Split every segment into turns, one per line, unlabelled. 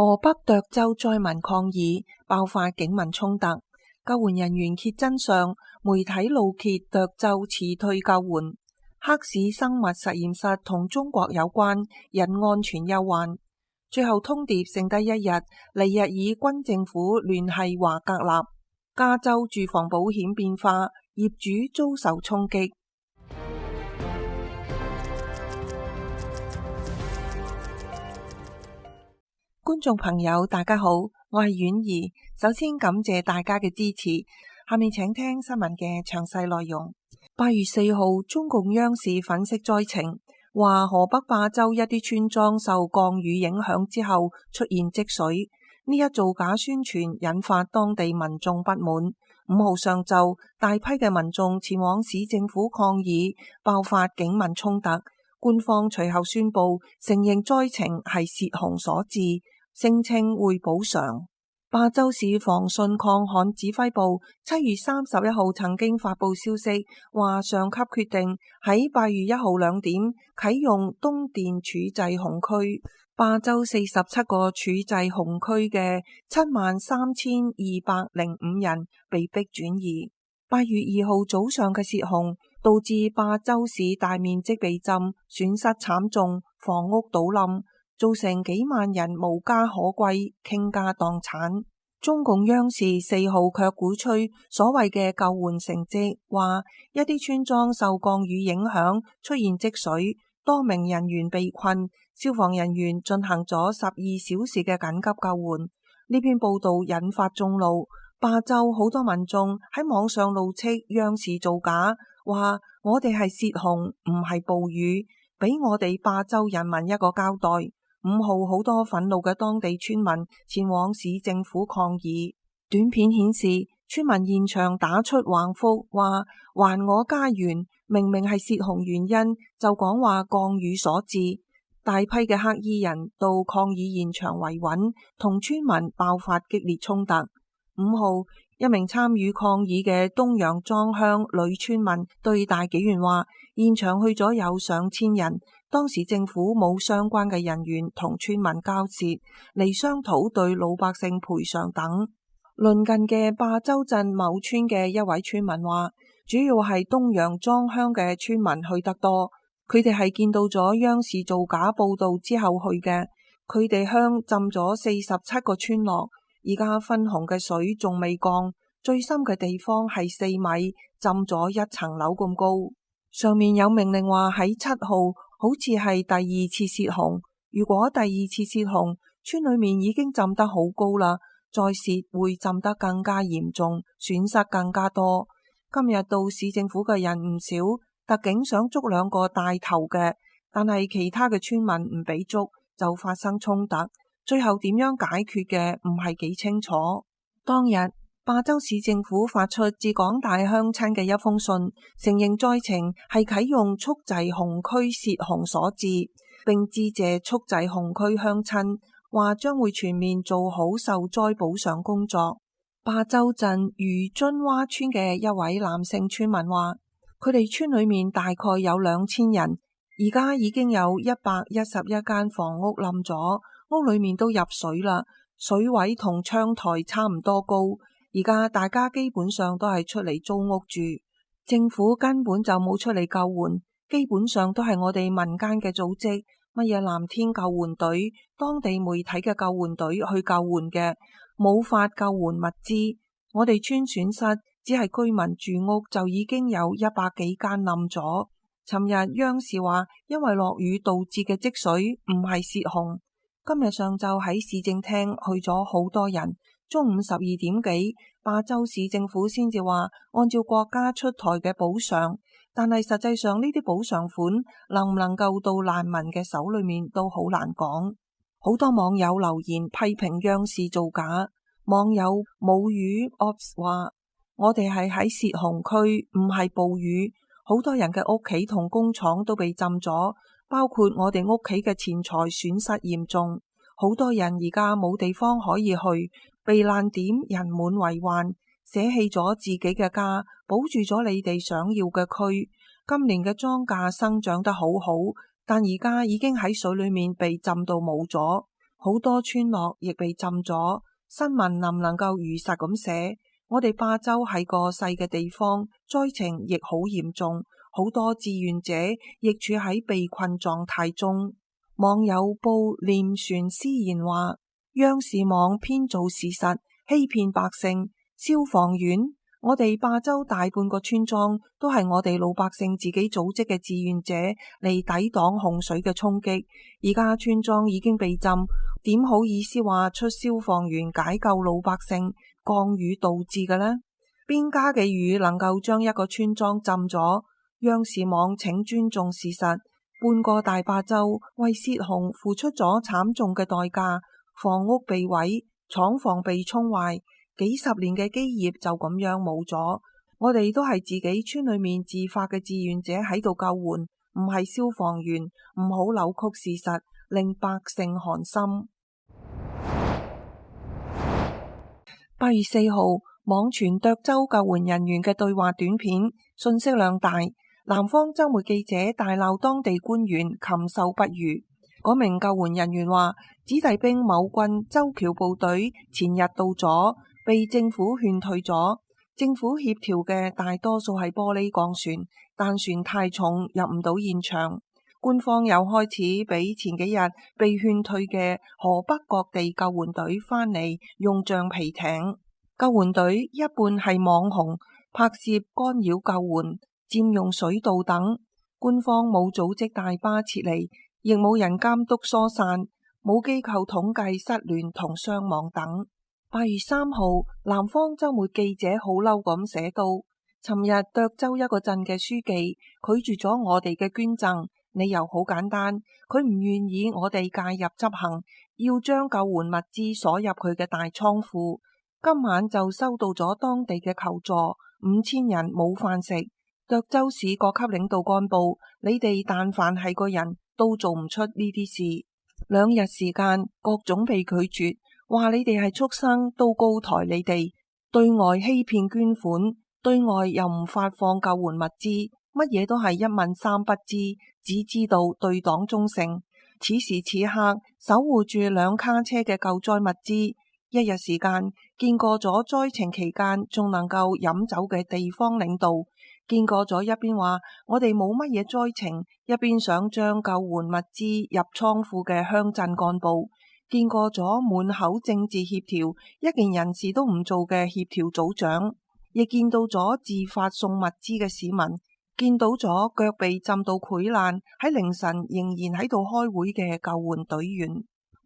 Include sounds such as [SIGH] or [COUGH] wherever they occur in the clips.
河北涿州災民抗議，爆發警民衝突。救援人員揭，揭真相，媒體怒揭涿州辭退救援。黑市生物實驗室同中國有關，引安全憂患。最後通牒剩低一日，尼日爾軍政府聯繫華格納。加州住房保險變化，業主遭受衝擊。觀眾朋友，大家好，我係婉兒。首先感謝大家嘅支持。下面請聽新聞嘅詳細內容。八月四號，中共央視粉飾災情，話河北霸州一啲村莊受降雨影響之後出現積水。呢一造假宣傳引發當地民眾不滿。五號上晝，大批嘅民眾前往市政府抗議，爆發警民衝突。官方隨後宣布承認災情係洩洪所致。聲稱會補償。霸州市防汛抗旱指揮部七月三十一號曾經發布消息，話上級決定喺八月一號兩點啟用東淀蓄滯洪區。霸州四十七個蓄滯洪區嘅七萬三千二百零五人被迫轉移。八月二號早上嘅泄洪導致霸州市大面積被浸，損失慘重，房屋倒冧。造成幾萬人無家可歸、傾家蕩產。中共央視四號卻鼓吹所謂嘅救援成績，話一啲村莊受降雨影響出現積水，多名人員被困，消防人員進行咗十二小時嘅緊急救援。呢篇報道引發眾怒，霸州好多民眾喺網上怒斥央視造假，話我哋係泄洪唔係暴雨，俾我哋霸州人民一個交代。五號好多憤怒嘅當地村民前往市政府抗議，短片顯示村民現場打出橫幅，話還我家園，明明係洩洪原因，就講話降雨所致。大批嘅黑衣人到抗議現場維穩，同村民爆發激烈衝突。五號。一名參與抗議嘅東楊莊鄉女村民對大紀元話：現場去咗有上千人，當時政府冇相關嘅人員同村民交涉，嚟商討對老百姓賠償等。鄰近嘅霸州鎮某村嘅一位村民話：主要係東楊莊鄉嘅村民去得多，佢哋係見到咗央視造假報道之後去嘅，佢哋鄉浸咗四十七個村落。而家分洪嘅水仲未降，最深嘅地方係四米，浸咗一層樓咁高。上面有命令話喺七號，好似係第二次泄洪。如果第二次泄洪，村裏面已經浸得好高啦，再泄會浸得更加嚴重，損失更加多。今日到市政府嘅人唔少，特警想捉兩個帶頭嘅，但係其他嘅村民唔俾捉，就發生衝突。最後點樣解決嘅，唔係幾清楚。當日霸州市政府發出致廣大鄉親嘅一封信，承認災情係啟用蓄滯洪區泄洪所致，並致謝蓄滯洪區鄉親，話將會全面做好受災補償工作。霸州鎮魚津洼村嘅一位男性村民話：佢哋村裏面大概有兩千人，而家已經有一百一十一間房屋冧咗。屋裏面都入水啦，水位同窗台差唔多高。而家大家基本上都係出嚟，租屋住，政府根本就冇出嚟救援，基本上都係我哋民間嘅組織，乜嘢藍天救援隊、當地媒體嘅救援隊去救援嘅，冇法救援物資。我哋村損失只係居民住屋就已經有一百幾間冧咗。尋日央視話，因為落雨導致嘅積水唔係洩洪。今日上晝喺市政廳去咗好多人，中午十二點幾，霸州市政府先至話，按照國家出台嘅補償，但係實際上呢啲補償款能唔能夠到難民嘅手裏面都好難講。好多網友留言批評央視造假，網友母語 ops 話：我哋係喺泄洪區，唔係暴雨，好多人嘅屋企同工廠都被浸咗。包括我哋屋企嘅錢財損失嚴重，好多人而家冇地方可以去避難點，人滿為患，捨棄咗自己嘅家，保住咗你哋想要嘅區。今年嘅莊稼生長得好好，但而家已經喺水裏面被浸到冇咗，好多村落亦被浸咗。新聞能唔能夠如實咁寫？我哋霸州係個細嘅地方，災情亦好嚴重。好多志願者亦處喺被困狀態中。網友報念船詩言話：央視網編造事實，欺騙百姓。消防員，我哋霸州大半個村莊都係我哋老百姓自己組織嘅志願者嚟抵擋洪水嘅衝擊。而家村莊已經被浸，點好意思話出消防員解救老百姓？降雨導致嘅呢？邊家嘅雨能夠將一個村莊浸咗？央視網請尊重事實，半個大霸州為洩洪付出咗慘重嘅代價，房屋被毀，廠房被沖壞，幾十年嘅基業就咁樣冇咗。我哋都係自己村裏面自發嘅志願者喺度救援，唔係消防員，唔好扭曲事實，令百姓寒心。八月四號網傳涿州救援人員嘅對話短片，信息量大。南方周末記者大鬧當地官員，禽獸不如。嗰名救援人員話：子弟兵某軍舟橋部隊前日到咗，被政府勸退咗。政府協調嘅大多數係玻璃鋼船，但船太重入唔到現場。官方又開始畀前幾日被勸退嘅河北各地救援隊返嚟，用橡皮艇。救援隊一半係網紅，拍攝干擾救援。佔用水道等，官方冇組織大巴撤離，亦冇人監督疏散，冇機構統計失聯同傷亡等。八月三號，《南方周末》記者好嬲咁寫到：尋日涿州一個鎮嘅書記拒絕咗我哋嘅捐贈，理由好簡單，佢唔願意我哋介入執行，要將救援物資鎖入佢嘅大倉庫。今晚就收到咗當地嘅求助，五千人冇飯食。涿州市各級領導幹部，你哋但凡係個人，都做唔出呢啲事。兩日時間，各種被拒絕，話你哋係畜生，都高抬你哋。對外欺騙捐款，對外又唔發放救援物資，乜嘢都係一問三不知，只知道對黨忠誠。此時此刻，守護住兩卡車嘅救災物資，一日時間見過咗災情期間仲能夠飲酒嘅地方領導。見過咗一邊話我哋冇乜嘢災情，一邊想將救援物資入倉庫嘅鄉鎮幹部；見過咗滿口政治協調，一件人事都唔做嘅協調組長；亦見到咗自發送物資嘅市民；見到咗腳被浸到潰爛喺凌晨仍然喺度開會嘅救援隊員。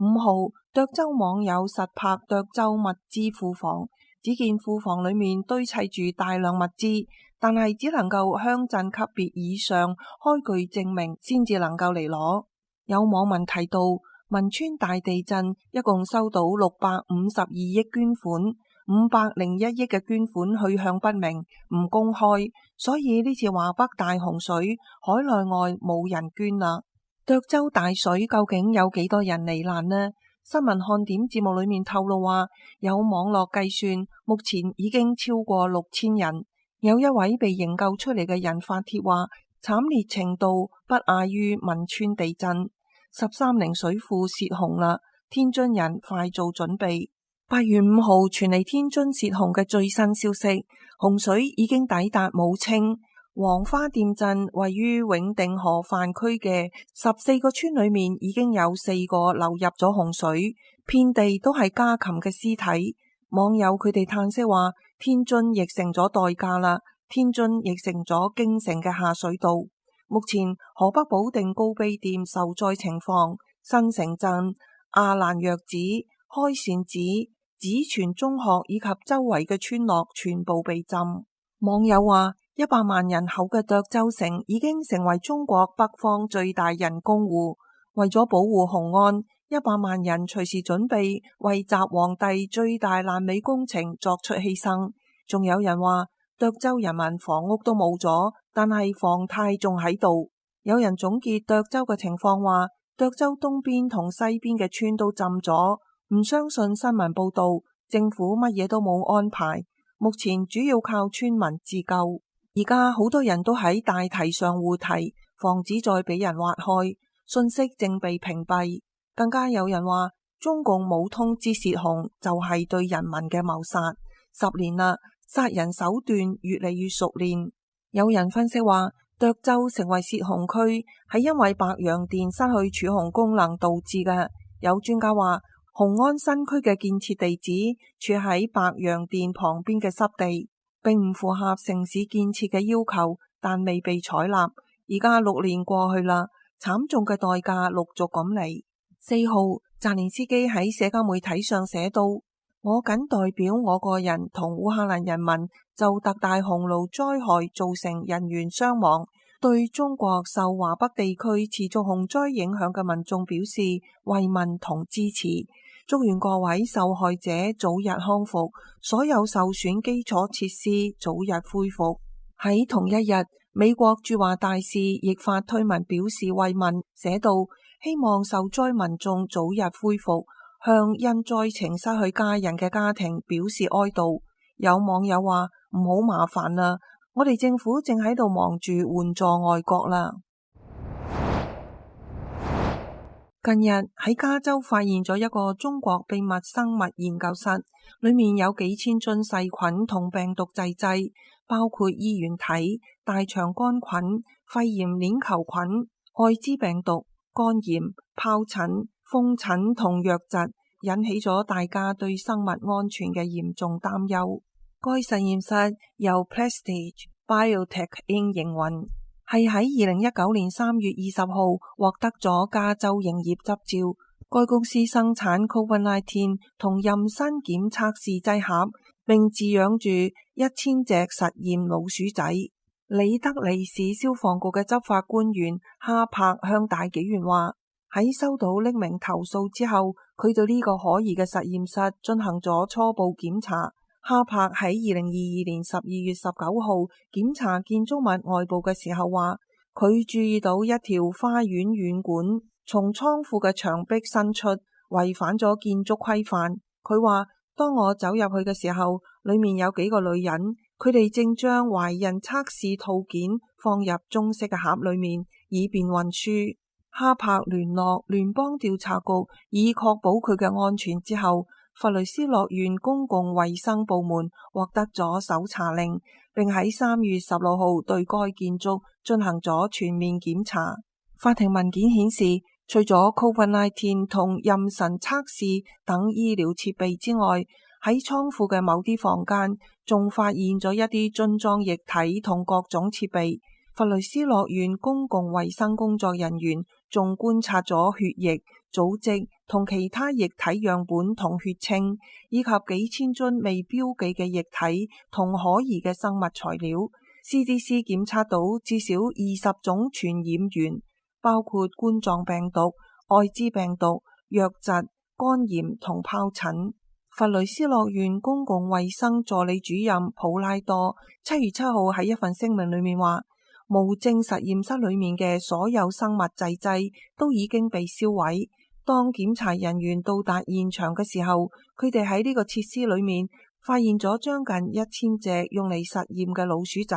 五號，涿州網友實拍涿州物資庫房，只見庫房裏面堆砌住大量物資。但係只能夠鄉鎮級別以上開具證明，先至能夠嚟攞。有網民提到，汶川大地震一共收到六百五十二億捐款，五百零一億嘅捐款去向不明，唔公開。所以呢次華北大洪水，海內外冇人捐啦。涿州大水究竟有幾多人罹難呢？新聞看點節目裏面透露話，有網絡計算，目前已經超過六千人。有一位被營救出嚟嘅人發帖話：慘烈程度不亞於汶川地震，十三陵水庫泄洪啦！天津人快做準備。八月五號傳嚟天津泄洪嘅最新消息，洪水已經抵達武清、黃花店鎮，位於永定河泛區嘅十四個村裏面已經有四個流入咗洪水，遍地都係家禽嘅屍體。網友佢哋嘆息話。天津亦成咗代價啦，天津亦成咗京城嘅下水道。目前河北保定高碑店受災情況，新城鎮、阿蘭若子、開善寺、紫泉中學以及周圍嘅村落全部被浸。網友話：一百萬人口嘅涿州城已經成為中國北方最大人工湖，為咗保護雄安。一百萬人隨時準備為習皇帝最大爛尾工程作出犧牲。仲有人話，涿州人民房屋都冇咗，但係房貸仲喺度。有人總結涿州嘅情況話：涿州東邊同西邊嘅村都浸咗，唔相信新聞報道，政府乜嘢都冇安排，目前主要靠村民自救。而家好多人都喺大堤上護堤，防止再俾人挖開。信息正被屏蔽。更加有人話中共冇通知洩洪，就係對人民嘅謀殺。十年啦，殺人手段越嚟越熟練。有人分析話，涿州成為洩洪區係因為白洋淀失去儲洪功能導致嘅。有專家話，雄安新區嘅建設地址處喺白洋淀旁邊嘅濕地，並唔符合城市建設嘅要求，但未被採納。而家六年過去啦，慘重嘅代價陸續咁嚟。四號，澤連斯基喺社交媒體上寫道，我僅代表我個人同烏克蘭人民就特大洪澇災害造成人員傷亡，對中國受華北地區持續洪災影響嘅民眾表示慰問同支持，祝願各位受害者早日康復，所有受損基礎設施早日恢復。喺同一日，美國駐華大使亦發推文表示慰問，寫道。希望受災民眾早日恢復，向因災情失去家人嘅家庭表示哀悼。有網友話唔好麻煩啦，我哋政府正喺度忙住援助外國啦。近日喺加州發現咗一個中國秘密生物研究室，裏面有幾千樽細菌同病毒製劑，包括衣原體、大腸桿菌、肺炎鏈球菌、艾滋病毒、肝炎、疱疹、風疹同瘧疾，引起咗大家對生物安全嘅嚴重擔憂。該實驗室由 Prestige Biotech Inc 營運，係喺二零一九年三月二十號獲得咗加州營業執照。該公司生產 COVID-19 同妊娠檢測試劑盒，並飼養住一千隻實驗老鼠仔。里德利市消防局嘅執法官員哈柏向大紀元話：喺收到匿名投訴之後，佢對呢個可疑嘅實驗室進行咗初步檢查。哈柏喺二零二二年十二月十九號檢查建築物外部嘅時候，話佢注意到一條花園軟管從倉庫嘅牆壁伸出，違反咗建築規範。佢話：當我走入去嘅時候，裏面有幾個女人。佢哋正將懷孕測試套件放入中式嘅盒裏面，以便運輸。哈柏聯絡聯邦調查局，以確保佢嘅安全之後，佛雷斯樂園公共衛生部門獲得咗搜查令，並喺三月十六號對該建築進行咗全面檢查。法庭文件顯示，除咗 Covid-19 同妊娠測試等醫療設備之外，喺倉庫嘅某啲房間，仲發現咗一啲樽裝液體同各種設備。佛雷斯樂園公共衛生工作人員仲觀察咗血液、組織同其他液體樣本同血清，以及幾千樽未標記嘅液體同可疑嘅生物材料。CDC 檢測到至少二十種傳染源，包括冠狀病毒、艾滋病毒、瘧疾、肝炎同皰疹。佛雷斯洛縣公共衛生助理主任普拉多七月七號喺一份聲明裏面話，無證實驗室裏面嘅所有生物製劑都已經被銷毀。當檢查人員到達現場嘅時候，佢哋喺呢個設施裏面發現咗將近一千隻用嚟實驗嘅老鼠仔，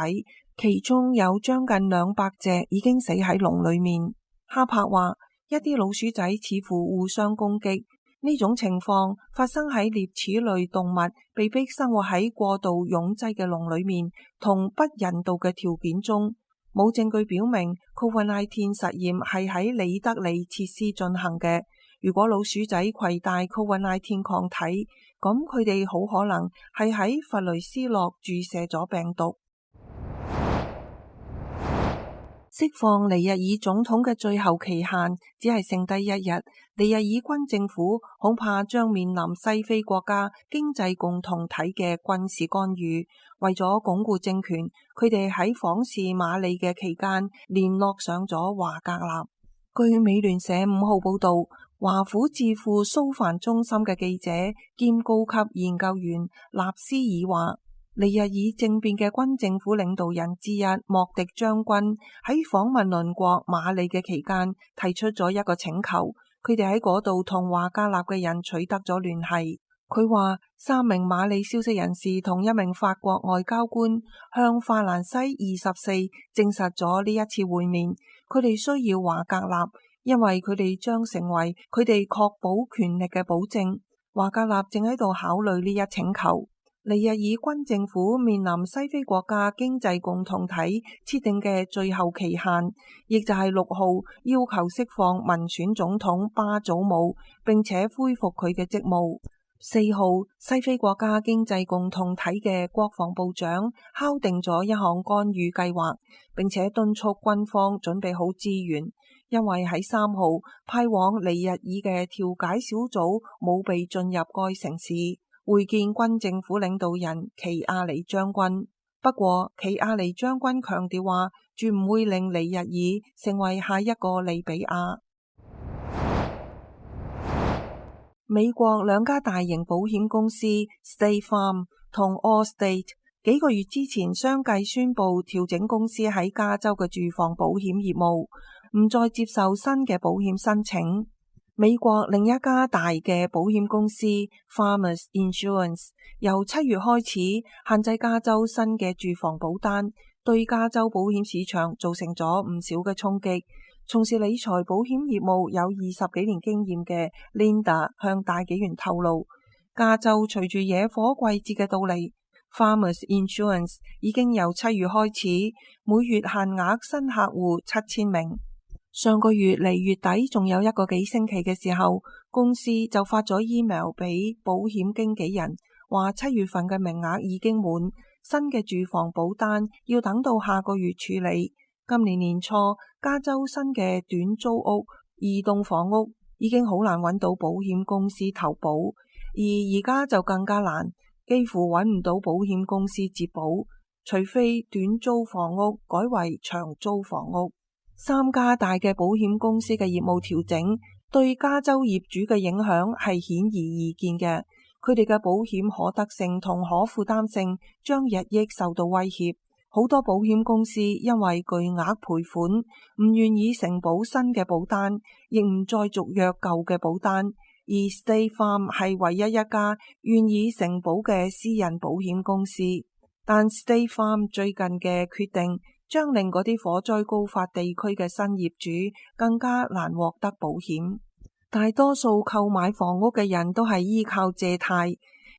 其中有將近兩百隻已經死喺籠裏面。哈柏話，一啲老鼠仔似乎互相攻擊。呢種情況發生喺獵齒類動物被迫生活喺過度擁擠嘅籠裏面，同不人道嘅條件中。冇證據表明 COVID-19 實驗係喺里德里設施進行嘅。如果老鼠仔攜帶 COVID-19 抗體，咁佢哋好可能係喺弗雷斯洛注射咗病毒。釋放尼日爾總統嘅最後期限，只係剩低一日，尼日爾軍政府恐怕將面臨西非國家經濟共同體嘅軍事干預。為咗鞏固政權，佢哋喺訪視馬里嘅期間聯絡上咗華格納。據美聯社五號報道，華府智庫蘇梵中心嘅記者兼高級研究員納斯爾話。尼日爾政變嘅軍政府領導人之一莫迪將軍喺訪問鄰國馬里嘅期間，提出咗一個請求。佢哋喺嗰度同華格納嘅人取得咗聯繫。佢話三名馬里消息人士同一名法國外交官向法蘭西二十四證實咗呢一次會面。佢哋需要華格納，因為佢哋將成為佢哋確保權力嘅保證。華格納正喺度考慮呢一請求。尼日爾軍政府面臨西非國家經濟共同體設定嘅最後期限，亦就係六號，要求釋放民選總統巴祖姆，並且恢復佢嘅職務。四號，西非國家經濟共同體嘅國防部長敲定咗一項干預計劃，並且敦促軍方準備好資源，因為喺三號派往尼日爾嘅調解小組冇被進入該城市。會見軍政府領導人奇亞尼將軍，不過奇亞尼將軍強調話，絕唔會令尼日爾成為下一個利比亞。 [NOISE] 美國兩家大型保險公司 State Farm 同 Allstate 幾個月之前相繼宣布調整公司喺加州嘅住房保險業務，唔再接受新嘅保險申請。美國另一家大嘅保險公司 Farmers Insurance 由七月開始限制加州新嘅住房保單，對加州保險市場造成咗唔少嘅衝擊。從事理財保險業務有二十幾年經驗嘅 Linda 向大紀元透露，加州隨住野火季節嘅到嚟，Farmers Insurance 已經由七月開始每月限額新客戶七千名。上個月離月底，仲有一個幾星期嘅時候，公司就發咗 email 俾保險經紀人，話七月份嘅名額已經滿，新嘅住房保單要等到下個月處理。今年年初，加州新嘅短租屋、移動房屋已經好難揾到保險公司投保，而而家就更加難，幾乎揾唔到保險公司接保，除非短租房屋改為長租房屋。三家大嘅保險公司嘅業務調整，對加州業主嘅影響係顯而易見嘅。佢哋嘅保險可得性同可負擔性將日益受到威脅。好多保險公司因為巨額賠款，唔願意承保新嘅保單，亦唔再續約舊嘅保單。而 State Farm 係唯一一家願意承保嘅私人保險公司。但 State Farm 最近嘅決定，將令嗰啲火災高發地區嘅新業主更加難獲得保險。大多數購買房屋嘅人都係依靠借貸，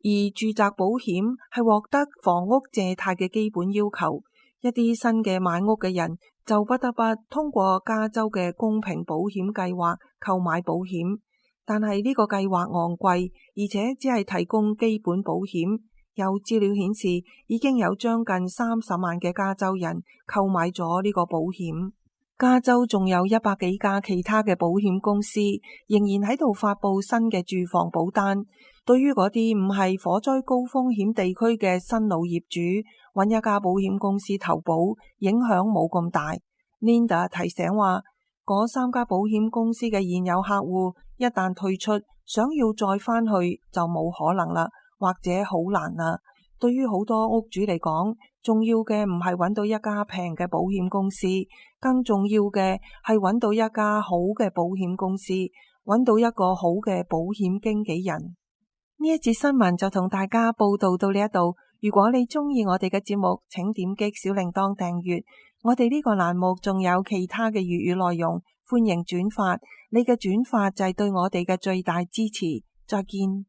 而住宅保險係獲得房屋借貸嘅基本要求。一啲新嘅買屋嘅人就不得不通過加州嘅公平保險計劃購買保險，但係呢個計劃昂貴，而且只係提供基本保險。有資料顯示，已經有將近三十萬嘅加州人購買咗呢個保險。加州仲有一百幾家其他嘅保險公司，仍然喺度發佈新嘅住房保單。對於嗰啲唔係火災高風險地區嘅新老業主，揾一家保險公司投保影響冇咁大。Linda 提醒話，嗰三家保險公司嘅現有客戶一旦退出，想要再返去就冇可能啦。或者好難啦、啊。對於好多屋主嚟講，重要嘅唔係揾到一家平嘅保險公司，更重要嘅係揾到一家好嘅保險公司，揾到一個好嘅保險經紀人。呢一節新聞就同大家報道到呢一度。如果你鍾意我哋嘅節目，請點擊小鈴鐺訂閱。我哋呢個欄目仲有其他嘅粵語，語內容，歡迎轉發。你嘅轉發就係對我哋嘅最大支持。再見。